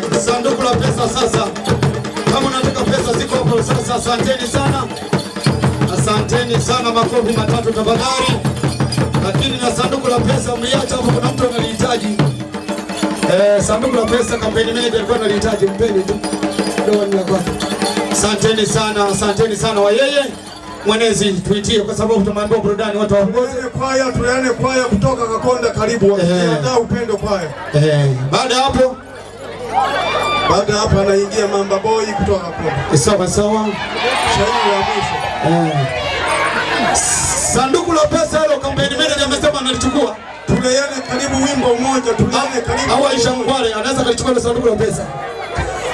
sanduku la pesa sasa. Kama unataka pesa ziko hapo sasa. Asanteni sana, asanteni sana, makofi matatu tafadhali. Lakini na sanduku la pesa mliacha hapo, kuna mtu analihitaji. Eh, sanduku la pesa kampeni manager alikuwa analihitaji, mpeni tu doani la kwake. Asanteni sana, asanteni sana wa yeye Mwenezi tuitie kwa sababu tumeambiwa burudani watu waongoze. Kwaya tuliane kwaya kutoka Kakonda karibu, eh. wakiandaa upendo kwaya. Eh, baada hapo baada hapa anaingia Mamba Boy kutoka hapo. Sawa sawa. Shairi la mwisho. Eh. Sanduku la pesa hilo kampeni manager amesema analichukua. Tuliane karibu wimbo mmoja, tuliane ah, karibu. Au Aisha Mkwale anaweza kalichukua sanduku la pesa.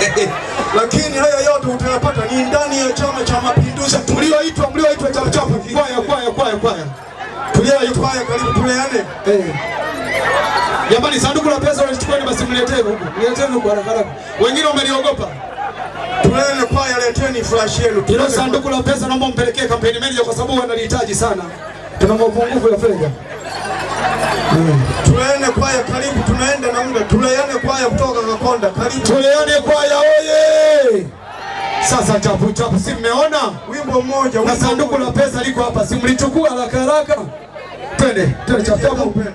Lakini haya yote utayapata ni ndani ya Chama cha Mapinduzi tulioitwa mlioitwa chama chapa. Kwaya kwaya kwaya kwaya. Tuliane kwaya karibu tuliane. Eh. Jamani sanduku la pesa wali msimletee huku, mleteni huku haraka haraka. Wengine wameliogopa. Tuleni kwaya, leteni flash yenu. Hilo sanduku la pesa naomba mpelekee kampeni manager kwa sababu wanalihitaji sana. Tuna mapungufu ya fedha. Tuleane kwaya karibu, tunaenda na muda. Tuleane kwaya kutoka Kakonda karibu. Tuleane kwaya oye! Sasa chapu chapu, si mmeona wimbo mmoja na sanduku la pesa liko hapa, si mlichukua haraka haraka? Twende twende chapu chapu.